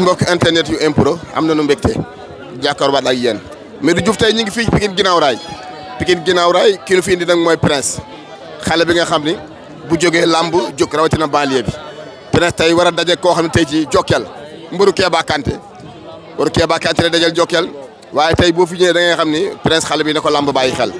mbokk internet yu impro am nañu mbégte jàkkaarwaat ak yéen mais du Diouf ñu ngi fii Pikine ginnaaw raay Pikine ginnaaw raay ki nu fi indi nag mooy Prince xale bi nga xam ni bu jógee làmb jóg rawatina banlieue bi Prince tey war a daje koo xam ne tey ci Jokal mburu Keba Kanté mburu Keba Kanté la dajal Jokal waaye tey boo fi ñëwee da ngay xam ni Prince xale bi na ko làmb bàyyi xel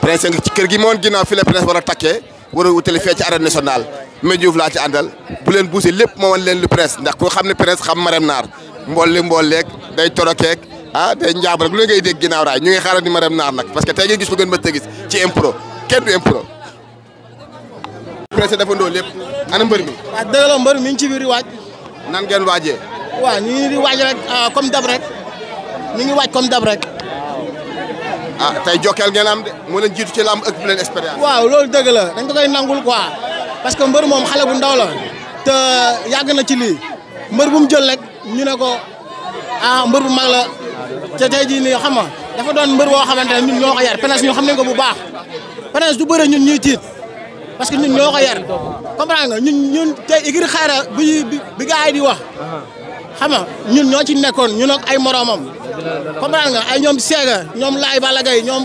Prince ci kër gi moon ginnaaw fi la Prince war a takkee war a wutali fee ci arène nationale ma Diouf laa ci àndal bu leen buuse lépp ma wan leen lu presse ndax ku xam ne presse xam Marème Naar mboolli mboolleeg day torokeeg ah day njaab rek lu ngay dégg ginnaaw raay ñu ngi xaaral di Marème Naar nag parce que tey ngeen gis lu gën ma gis ci impro kenn du impro. presse dafa ndoo lépp ana mbër mi. waaw dëgg la mi ngi ci biir waaj. nan ngeen waajee. waaw ñu ngi di waaj rek ah, comme dab rek ñu ngi waaj comme dab rek. ah am de moo leen jiitu ci lamb ak bu leen expérience. waaw loolu dëgg la dañ ko parce que mbër moom xale bu ndaw la te yàgg na ci lii mbër mu jël rek ñu ne ko a ah, mbër bu mag la te tey jii xam nga dafa doon mbër boo xamante ne ñun ñoo ko yar PNAS ñun xam ne ko bu baax PNAS du bëre ñun ñuy tiit parce que ñun ñoo ko yar comprendre nga ñun ñun tey igir xayra bi bi di wax xam ñun ñoo ci nekkoon ñun ak ay moroomam comprendre nga ay ñoom seega ñoom laay Balla Gaye ñoom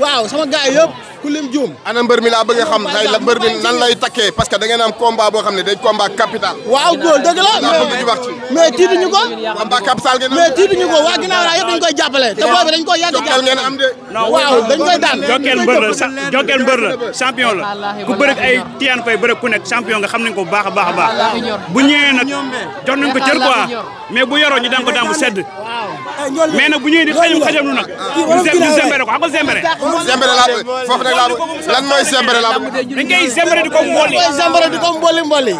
waaw sama gars yëpp ku lim juum ana mbër mi laa bëgg a xam tey la mbër mi nan lay takkee parce que da boo xam ne day combat capital waaw góor dëgg la mais tiituñu ko combat capital ngeen mais tiituñu ko dañ koy jàppale te boobu dañ koy yàgg jàppale ngeen am de waaw dañ koy daan jokkeel mbër la jokkeel la ku bëri ay Tidiane Faye bëri ku nekk champion nga xam nañ ko bu baax a bu ñëwee nag jox nañ ko cër quoi bu yoroo ñu daan ko daan bu sedd mais nag bu ñuy indi xajam xajam lu nag. ñu sembere ko xam nga sembere. sembere laa foofu nag lan mooy sembere laa dañ koy sembere di ko mboli. dañ koy sembere di ko mboli mboli.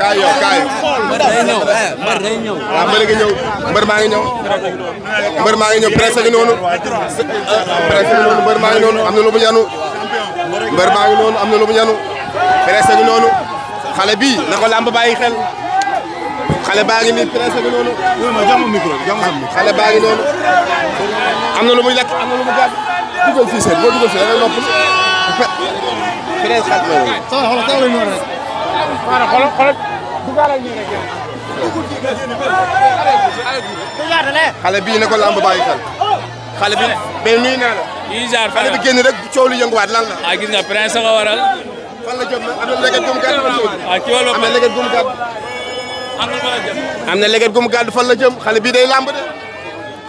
kaay yow kaay. mbër day ñëw eh, waaw mbër ngi ñëw mbër maa maa gi noonu. presse gi noonu mbër maa ngi noonu am na lu mu yanu. mbër maa ngi noonu am na lu mu yanu. presse gi noonu xale bii na ko làmb bàyyi xel. xale baa ngi nii presse bi noonu. wuy ma jox ma micro jox ma micro. xale baa ngi noonu. am na lu muy lekk am na lu mu gàdd. dugal fii seen boo dugal fii da ngay noppal. presse xaj na loolu. ça va xoolal teel a ñëw rek. maanaam xoolal xoolal. dugaalal ñu rek yow. xale bii na ko lamb bàyyi xel. xale bi mais nuyu naa la. yii jaar xale bi génn rek coow lu yënguwaat lan la. ah gis nga prince nga waral. fan la jot na am na léeg-léeg gum gàtt. Ah, am na léeg-léeg gum gàtt. am na léget gu mu gàddu fan la jëm xale bi day lamb de.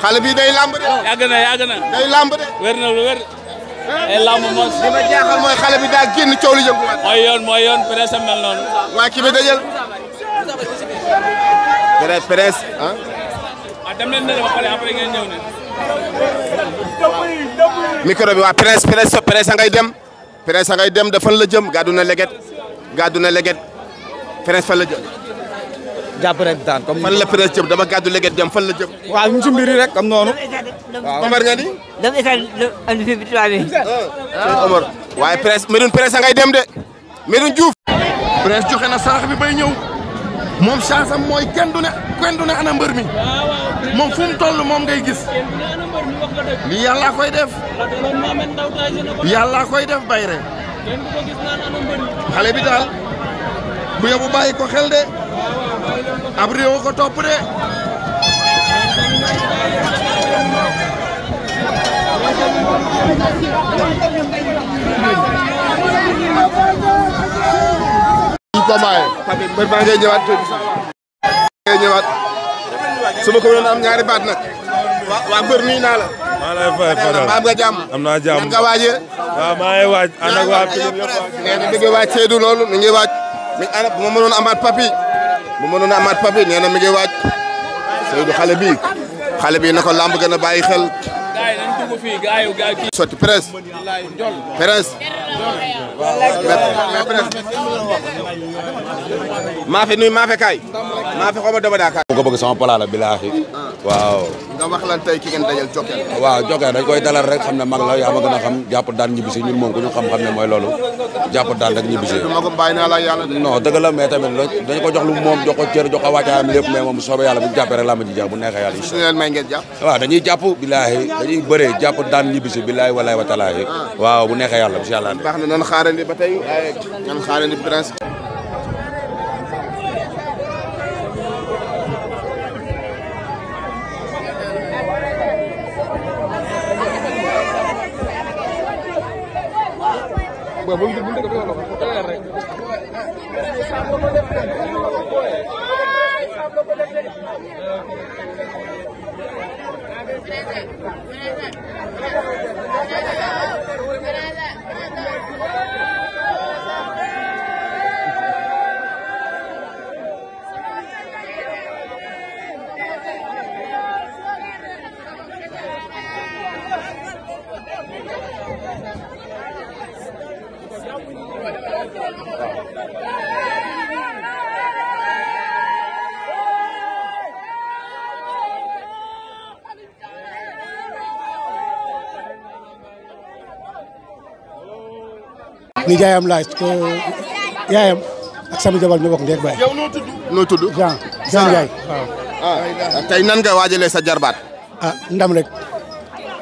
xale bi day lamb de. yàgg na yàgg day lamb de. wér jaaxal mooy xale bi daa génn coow li mooy yoon mooy yoon presse am mel noonu. waa kii bi dajal. presse ah. Ah, dem leen waa presse presse presse ngay dem. presse ngay dem de fan la jëm gàddu na léget. gàddu na léget presse fan la jàpp rek daan comme. fan la presse jëm dama gàddu léget jëm fan la jëm. waaw ñu ci mbir yi rek comme noonu. waaw Omar nga ni. dama état am fi ah. waaye presse Medoune presse ngay dem de Medoune Diouf. joxe na sarax bi bay ñëw moom chance am mooy kenn du ne kenn ne ana mbër mi moom fu mu moom ngay gis li yàlla koy def yàlla koy def bayre xale bi daal bu yobu bàyyi ko xel de. ab réew ko topp de combat yi su ma ko am ñaari baat nag waa mbër nuyu naa la maa lay fay Fadal maa nga jàmm am naa jàmm nga waajee waaw maa ngi waaj ànd waa Pikine waaj Seydou loolu mi ngi waaj mi ana bu ma amaat papi mu mënoon a amaat papi nee na mi ngi waaj Seydou xale bi xale bi na ko làmb gën a bàyyi xel. sotti presse presse maafe nuy maafe kaay. maafe xaw ma dama daa kaay. ko bëgg sama pala la bilaahi. waaw. nga wax lan tey ki ngeen mag la yaa ma gën a xam jàpp daan ñibbisi ñun moom ku ñu xam-xam ne mooy loolu jàpp daan rek ñibbisi. non dëgg la mais tamit dañ ko jox lu moom jox ko jox ko wàccaayam lépp mais moom soobee yàlla bu ñu jàppee rek laa ma ji jàpp bu neexee yàlla incha allah. waaw jàpp bilaahi dañuy bëree jàpp daan ñibbisi bilaahi walaay wa talaahi ah. waaw bu neexee yàlla incha allah baax na nan xaarandi ba tey waaye nan xaarandi prince Present. Present. nijaayam laa ko yaayam ak sama jabar ñu bokk ndeeg baay. yow noo tudd. noo tudd Jean Jean Ndiaye waaw. Ah, tey nan nga waajalee sa jarbaat. a ah, ndam rek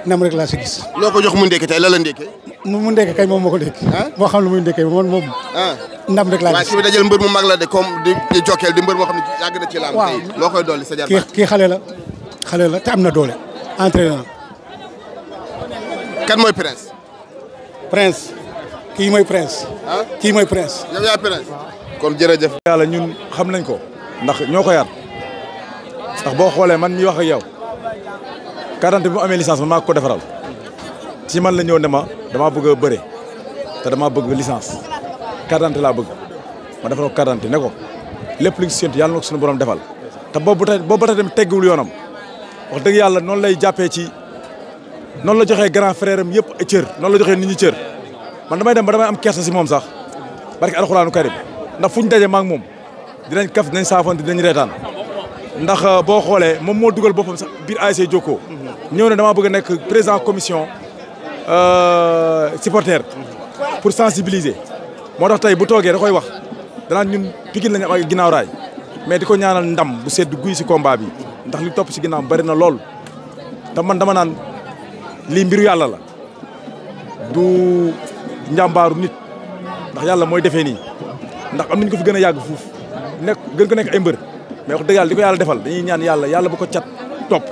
ndam rek laa si gis. loo ko jox mu ndékki tey la la ndékki. mu mu ndékki kay moom moo ko ah? moo xam lu mu ndékki moom ndam rek laa gis mbër mu mag la de comme di di di mbër moo xam ne yàgg na ci laam. loo koy dolli sa jarbaat. kii kii xale la xale la te am na doole entraîneur. kan mooy prince. prince. kii mooy prince. ah kii moy prince. yow yaa prince. kon jërëjëf. yàlla ñun xam nañ ko. ndax ñoo ko yar sax boo xoolee man mi wax ak yow quarante bi mu amee licence man maa ko defaral ci man la ñëw ne ma damaa bëgg a bëre te damaa bëgg licence quarante laa bëgg ma defaral ko quarante ne ko lépp li nga séntu yàlla na ko suñu defal. te boobu ba boobu ba tey tamit teggiwul yoonam wax dëgg yàlla noonu lay jàppee ci noonu la joxee grand frère am yëpp cër noonu la joxee nit cër. man damay dem ba damay am kersa si moom sax barki alxuraanu karim ndax fu ñu daje ma ak moom dinañ kaf dinañ saafante dinañ reetaan ndax euh, boo xoolee moom moo dugal boppam sax biir ASC Jokko ñëw ne damaa bëgg a nekk président commission euh, supporter pour sensibiliser moo tax tey bu toogee da koy wax danaan ñun Pikine lañu am ak ginnaaw mais di ko ñaanal ndam bu sedd guy si combat bi ndax li topp si ginnaaw bari na lool te man dama naan lii mbiru yàlla la du njàmbaaru nit ndax yàlla mooy defee nii ndax am nañu ko fi gën a yàgg fuuf nekk gën ko nekk ay mbër mais wax yàlla di yàlla defal dañuy ñaan yàlla yàlla bu ko cat topp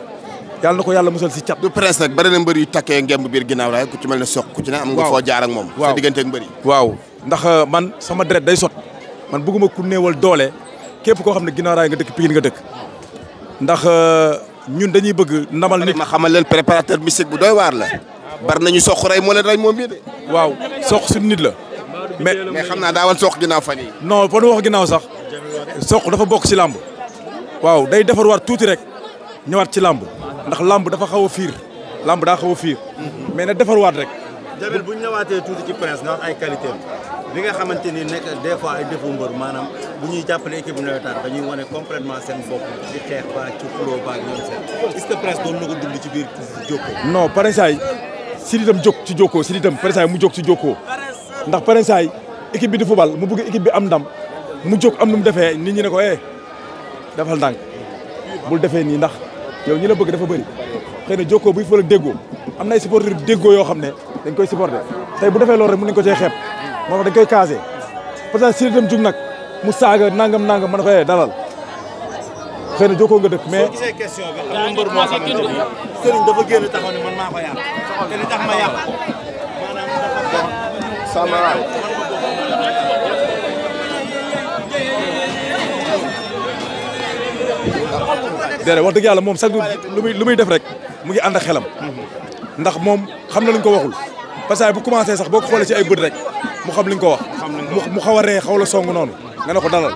yàlla na ko yàlla musal si cat du presse nag bari na mbër yu takkee ngemb biir ginnaaw raay ku ci mel ne soq ku ne am nga foo jaar moom sa diggante ak waaw ndax euh, man sama deret day sot man bëgguma ku néewal doole képp koo xam ne ginnaaw nga dëkk Pikine nga dëkk ndax euh, ñun dañuy bëgg ndamal nit ma xamal leen préparateur mystique bu doy waar la bari nañu soq rey moo leen rey moom bii de. waaw soq suñu nit la. mais mais xam naa daawal soq ginnaaw fan yi non fa nu wax ginnaaw sax soq dafa bokk ci làmb waaw day defar waat tuuti rek ñëwaat ci làmb ndax làmb dafa xaw a fiir làmb daa xaw a fiir mais na defar waat rek. Jabel bu ñu ñëwaatee tuuti ci prince nga wax ay qualité li nga xamante ni nekk des fois ay defu mbër maanaam bu ñuy jàppale équipe nawetaan dañuy wane seen bopp ci xeex ba ci xuloo ci biir Jokko. non pare saa Siritam jóg ci jokkoo Siritam Parensaay mu jóg ci jokkoo ndax Parensaay équipe bi di fubal mu bëgg équipe bi am ndam mu jóg am nu mu defee nit ñi ne ko eh, defal ndànk bul defee nii ndax yow ñi la bëgg dafa bëri xëy na jokkoo buy fële déggoo am na ay supporters déggoo yoo xam ne dañ koy supporter tey bu defee loolu rek mu nañ ko cee xeeb moo tax koy casé parce que Siritam jóg nag mu saaga nangam nangam mën na ko eh dalal. xëy na nga dëkk mais. soo gisee question bi xam nga mbër moo xam ne sëriñ dafa génn taxaw ne man maa ko yàq wax dëgg yàlla moom sax lu muy lu muy def rek mu ngi ànd ak xelam. ndax moom xam na lu ko waxul. parce que bu commencé sax boo ko xoolee ay bët rek mu xam li ñu ko wax. mu xaw a ree xaw la song noonu. nga ne ko dalal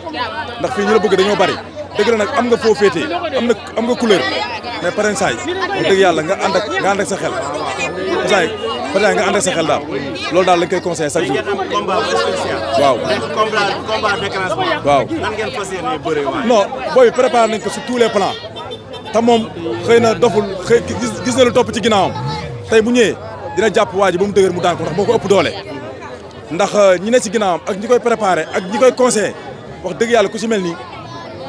ndax fii ñu la bëgg dañoo bari. dëgg nag am nga foo am na am nga couleur mais parrain saay dëgg yàlla nga ànd ak nga ànd ak sa xel saay parrain nga ànd ak sa xel daal loolu daal lañ koy conseillé chaque jour. waaw. waaw. booy préparé nañ ko sur tous les plans te moom xëy na doful xëy gis gis topp ci ginnaawam tey bu ñëwee dina jàpp waa ji ba mu dëgër mu daan ko moo ko ëpp doole. ndax euh, ñi ne ci ginnaawam ak ñi koy préparé ak ñi koy conseillé wax dëgg yàlla ku ci mel nii.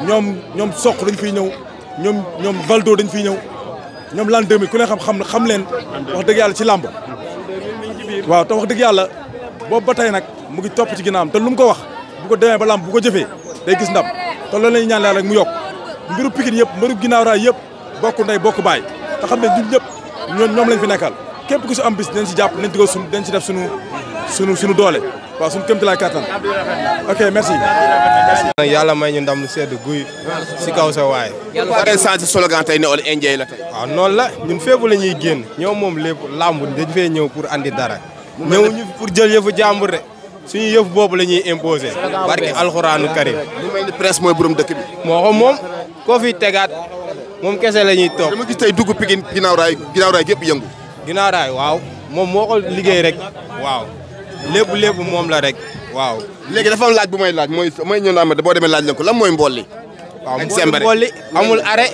ñoom ñoom soq dañ fiy ñëw ñoom ñoom Valdo dañ fiy ñëw ñoom l'an 2000 ku ne xam xam xam leen wax dëgg yàlla ci làmb waaw te wax dëgg yàlla boo ba tey nag mu ngi topp ci ginnaawam te lu mu ko wax bu ko demee ba làmb bu ko jëfee day gis ndam te loolu lañu ñaan yàlla rek mu yokk mbiru Pikine yëpp mbiru ginnaaw raay yëpp bokk ndey bokk baay te xam ne ñun ñëpp ñoom lañ fi nekkal képp ku si am bis dinañ si jàpp dinañ dugal suñu dinañ def suñu suñu suñu doole waaw suñu kéemtalaay kattan. ok merci. nag yàlla may ñu ndam lu sedd guy. si kaw sa waay. yàlla bu fekkee sens la tey. waaw la ñun fépp la ñuy génn ñoom moom lépp làmb dañ fee ñëw pour andi dara. ñëw ñu pour jël yëfu jàmbur de suñu yëf boobu la ñuy imposé. barke alxuraanu karim. mu mooy borom dëkk bi. moo ko moom fi tegaat moom kese la ñuy toog. dama gis tey dugg Pikine ginnaaw raay ginnaaw raay yëngu. ginnaaw waaw moom moo ko rek waaw. lépp lépp moom la rek waaw. léegi dafa am laaj bu may laaj mooy mooy ñëw naa ma boo demee laaj leen ko lan mooy mbooli. waaw mbooli amul arrêt.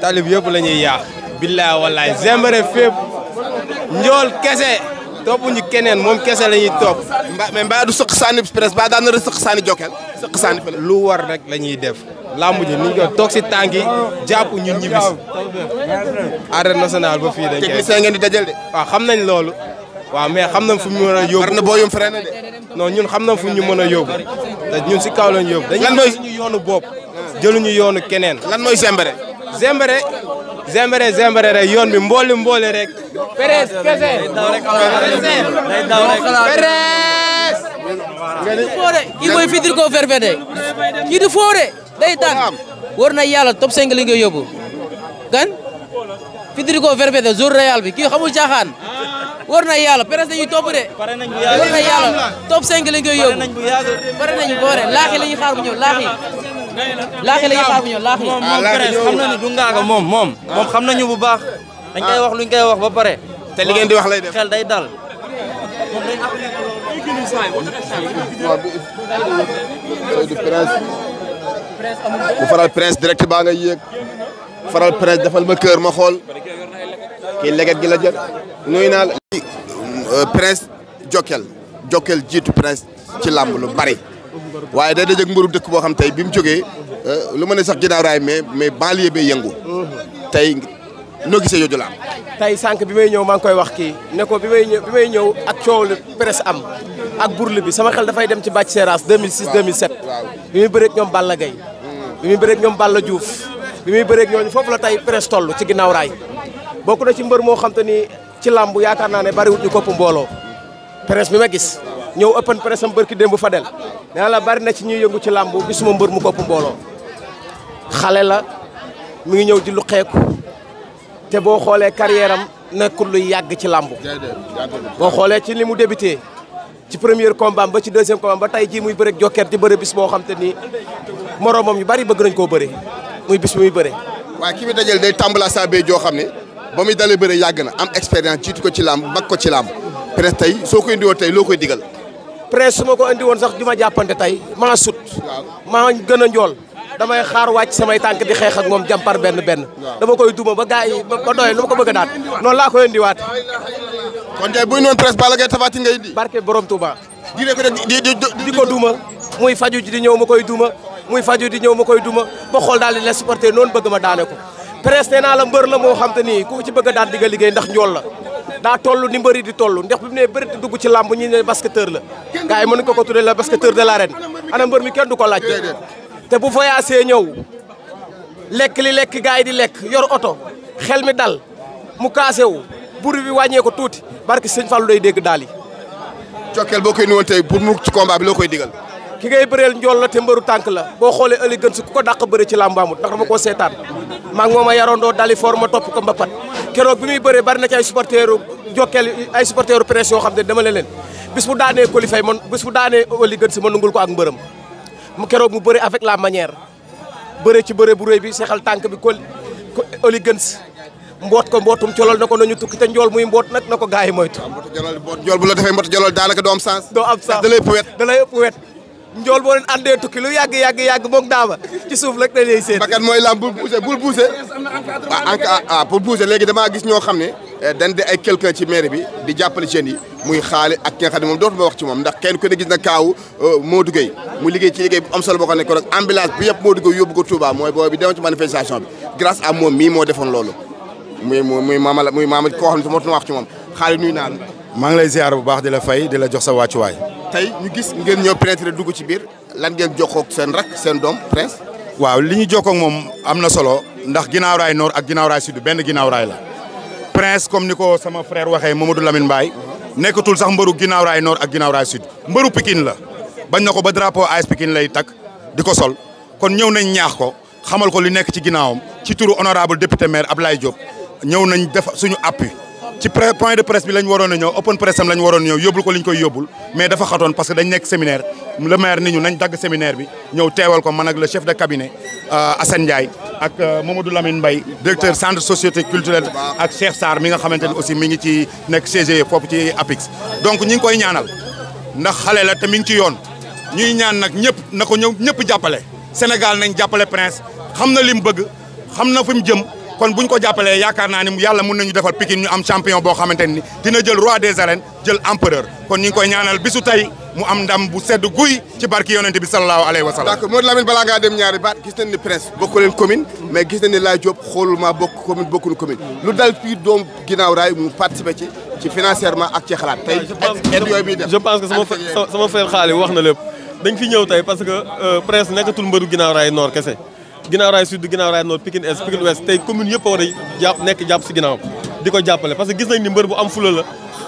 talib yëpp la ñuy yàq. billaay wallaay zembare njool kese toppuñu keneen moom kese la ñuy topp. mbaa mais mbaa du sëq saani presse ba daan na sëq saani jokel sëq saani lu war rek la ñuy def. làmb ji ni ñu ko toog si tànk yi jàpp ñun ñibis. arène nationale ba fii dañ koy. technicien ngeen di dajal de. waaw xam nañ loolu. waaw mais xam nañ fu ñu mën a yóbbu. na boo yom freiné de. non ñun xam nañ fu ñu mën a yóbbu te ñun si kaw lañ yóbbu. lan mooy suñu yoonu bopp jëluñu yoonu keneen. lan mooy Zembere. Zembere Zembere Zembere rek yoon bi mbooli mbooli rek. Perez kese. Perez. nga ni foore kii mooy fitir koo ferfete kii du foore day na yàlla top 5 li nga yóbbu gan bi kii xamul war na yàlla presse dañuy topp de. pare nañ bu yàgg war na yàlla top 5 lañ koy pare nañ bu yàgg pare nañ boore laaxi la xaar bu ñëw laaxi. laaxi la xaar bu ñëw laaxi. Ah, moom moom xam moom moom. nañu bu baax. dañ koy wax luñ koy wax ba pare. te li di wax lay def xel day dal. bu faral prince direct baa nga yéeg faral prince defal ma kër ma xool kii leget gi la jël. nuyu naa la euh, prince Jokal Jokal jiitu prince ci làmb lu bari waaye day dajeeg mburu dëkk boo xam tey bi mu jógee euh, lu ma ne sax ginnaaw raay mais mais banlieue bee yëngu. tey noo gisee yooju làmb. tey sànq bi may ñëw maa ngi koy wax kii ne ko bi may ñëw bi ñëw ak coow lu presse am ak burle bi sama xel dafay dem ci bàcc seeraas 2006 2007. waaw bi muy bëreeg ñoom Balla Gaye bi muy bëreeg ñoom Balla Diouf bi muy bëreeg ñooñu foofu la tey presse toll ci ginnaaw raay bokk na ni. ci làmb yaakaar naa ne bariwut ñu kopp mbooloo presse bi ma gis ñëw ëppan presse am bërki démb fa del nee bari na ci ñuy yëngu ci làmb gisuma mbër mu kopp mbooloo xale la mi ngi ñëw di lu xeeku te boo xoolee carrière am nekkul luy yàgg ci làmb boo xoolee ci li mu débuté ci premier combat ba ci deuxième combat ba tey jii muy bëre jokkeer di bëre bis boo xam te ni moroomam yu bari bëgg nañ koo bëre muy bis bi muy bëre waaye ki muy dajal day tàmbala saa joo xam ne ba muy dalee bëre yàgg na am expérience jiitu ko ci làmb mag ko ci làmb presse tey soo ko indiwoon tey loo koy digal. presse su ma ko indi woon sax du ma jàppante tey maa sut. maa gën a njool. damay xaar wàcc samay tànk di xeex ak moom jàmpar benn benn. dama koy duma ba gars yi ba doyel lu ma ko bëgg a daan noonu laa koy indiwaat. kon tey buy noonu presse Balla Gaye Tapha Tine ngay indi. barke borom Touba. di ko di di ko duma. muy faju ji di ñëw ma koy duma muy faju di ñëw ma koy duma ba xool daal di les supporter noonu bëgg ma daane ko. presse nee naa la mbër la moo xam te nii ku ci bëgg a daan di nga liggéey ndax njool la daa toll ni mbëri di tollu ndax bi mu ne bëri dugg ci làmb ñi ne basketteur la gars yi mën ko ko tuddee la basketteur de l'arène ana mbër mi kenn du ko laaj te bu voyagé ñëw lekk li lekk gars yi di lekk yor oto xel mi dal mu kaase wu buru bi wàññee ko tuuti barke sëñ Fallou day dégg daal yi. Cokkeel boo koy nuwoon tey pour mu ci combat bi loo koy digal. ki ngay bëreel njool la te mbëru la boo xoolee ëllëg gën su ku ko dàq bëri ci làmbaamut ndax dama koo seetaan maa ngi moom a yarandoo dali for ma topp ko mbapat keroog bi muy bëree bari na ci ay supporteeru jokkeel ay supporteeru presse yoo xam ne dama leen leen bis bu daanee qualifié man bis bu daanee ëllëg gën si ma nungul ko ak mu keroog mu bëri avec la manière bëre ci bëre bu bi seexal tànk bi koli ëllëg gën mboot ko mbootum colol na ko nañu tukki te njool muy mboot nag na ko gars yi moytu. waaw mboot jolol bu la daanaka doo am sens. doo am sens da lay njool boo leen àndee tukki lu yàgg yàgg yàgg moog daama ci suuf la dañuy seet. bakkan mooy laam bul poussé bul poussé waaw ah, ah, ah pour damaa gis ñoo xam ne eh, dañ di ay quelqu'un ci mairie bi di jàppale jeunes yi muy xaale ak ki nga xam ne wax ci moom ndax kenn ku gis na kaaw euh, Modou mu liggéey ci liggéey bu am solo boo xam ne ko rek ambulance bi yëpp Modou Gueye yóbbu ko Touba mooy booy bi demoon ci manifestation bi grâce à moom mii moo defoon loolu muy muy maama la muy maama koo xam ne mootuma wax ci moom xaale nuyu naa maa ngi lay ziar bu baax di la fay di la jox sa wàccuwaay tey ñu gis ngeen ñëw pénétrer dugg ci biir lan ngeen jokkoog seen rak seen doom prince. waaw li ñu jokkoog moom am na solo ndax ginnaaw noor ak ginnaaw raay sud benn ginnaaw raay la prince comme ni ko sama frère waxee moom Mamadou Lamine Mbaye nekkatul sax mbaru ginnaaw noor ak ginnaaw raay sud mbëru Pikine la bañ na ko ba drapeau AS Pikine lay tak di ko sol kon ñëw nañ ñaax ko xamal ko li nekk ci ginnaawam ci turu honorable député maire Ablaye Diop ñëw nañ def suñu appui. ci point de presse bi lañ waroon a open presse am lañ waroon a ñëw yóbbul ko liñ koy yóbbul mais dafa xatoon parce que dañ nekk séminaire le maire ni ñu nañ dagg séminaire bi ñëw teewal ko man ak le chef de cabinet euh, a Ndiaye ak euh, Mamadou Lamine Mbaye directeur centre société culturelle ak Cheikh mi nga xamante ne aussi mi ngi ci nekk CGE foofu ci APIX donc ñi koy ñaanal ndax xale la te ci yoon ñuy ñaan nag ñëpp na ko ñëw ñëpp jàppale Sénégal nañ jàppale Prince xam na li mu bëgg xam na fi mu jëm kon buñ ko jàppalee yaakaar naa ni yàlla mun nañu defal Pikine ñu am champion boo xamante ni dina jël roi des arènes jël empereur kon ñu ngi koy ñaanal bisu tey mu am ndam bu sedd guy ci barki yonente bi salallaahu alayhi wa sallam d'accord Modou Lamine balaa ngaa dem ñaari baat gis nañ ni presse bokku leen commune mais gis nañ ni Laye Diop xoolul maa bokk commune bokkul commune lu dal fii doomu ginnaaw mu participé ci ci financièrement ak ci xalaat tey aide yooyu muy def je sama frère wax na lépp dañ fi ñëw tey parce que euh, presse nekkatul mbëru ginnaaw raay noor kese ginnaaw raay sud ginnaaw raay nord Pikine est Pikine ouest tey commune yëpp war a nekk jàpp si ginnaaw di ko jàppale parce que gis nañ ni mbër bu am fula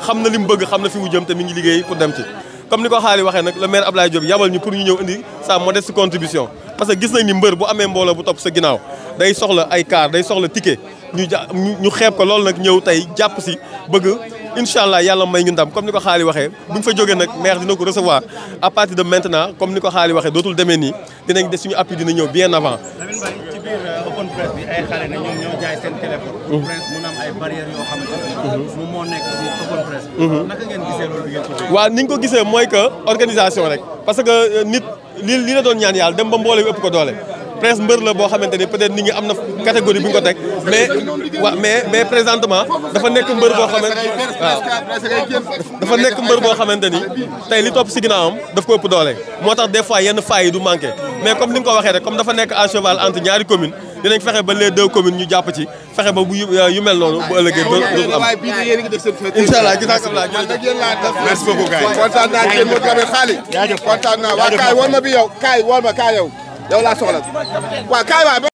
xam na li bëgg xam na fi mu te mi ngi liggéey pour dem ci comme ni ko xaali waxee nag le maire Ablaye Diop yabal ñu pour ñu ñëw indi sa modeste contribution parce que gis nañ ni mbër bu amee mbooloo bu topp sa ginnaaw day soxla ay car day soxla ticket ñu ja ko loolu nag ñëw tey jàpp si bëgg incha allah yàlla may waxee bu ñu fa jógee nag maire dina ko recevoir à ni dinañ de suñu appui dina ñëw bien avant. Lamine Mbaye ci biir euh, open press bi ay xale ne mhm. mhm. mhm. ni ñu ko gisee mooy que organisation rek parce que euh, nit lii li la doon ñaan yàlla dem ba mbooloo ëpp ko doole. presse mbër la boo xamante ni peut-être nit ñi am na catégorie bi ñu ko teg mais wa mais mais présentement dafa nekk mbër boo xamante ni tey li topp si ginnaawam daf ko ëpp doole moo tax des fois yenn failles du manqué mais comme ni nga waxee rek comme dafa nekk à cheval entre ñaari commune dinañ fexe ba les deux communes ñu jàpp ci fexe ba euh, yu mel noonu bu ëllëgee dootul am incha allah gis naa merci beaucoup gars yi kontaan naa jéem a kaay war ma bi yow kaay war ma yow yow laa soxla waaw kaay waay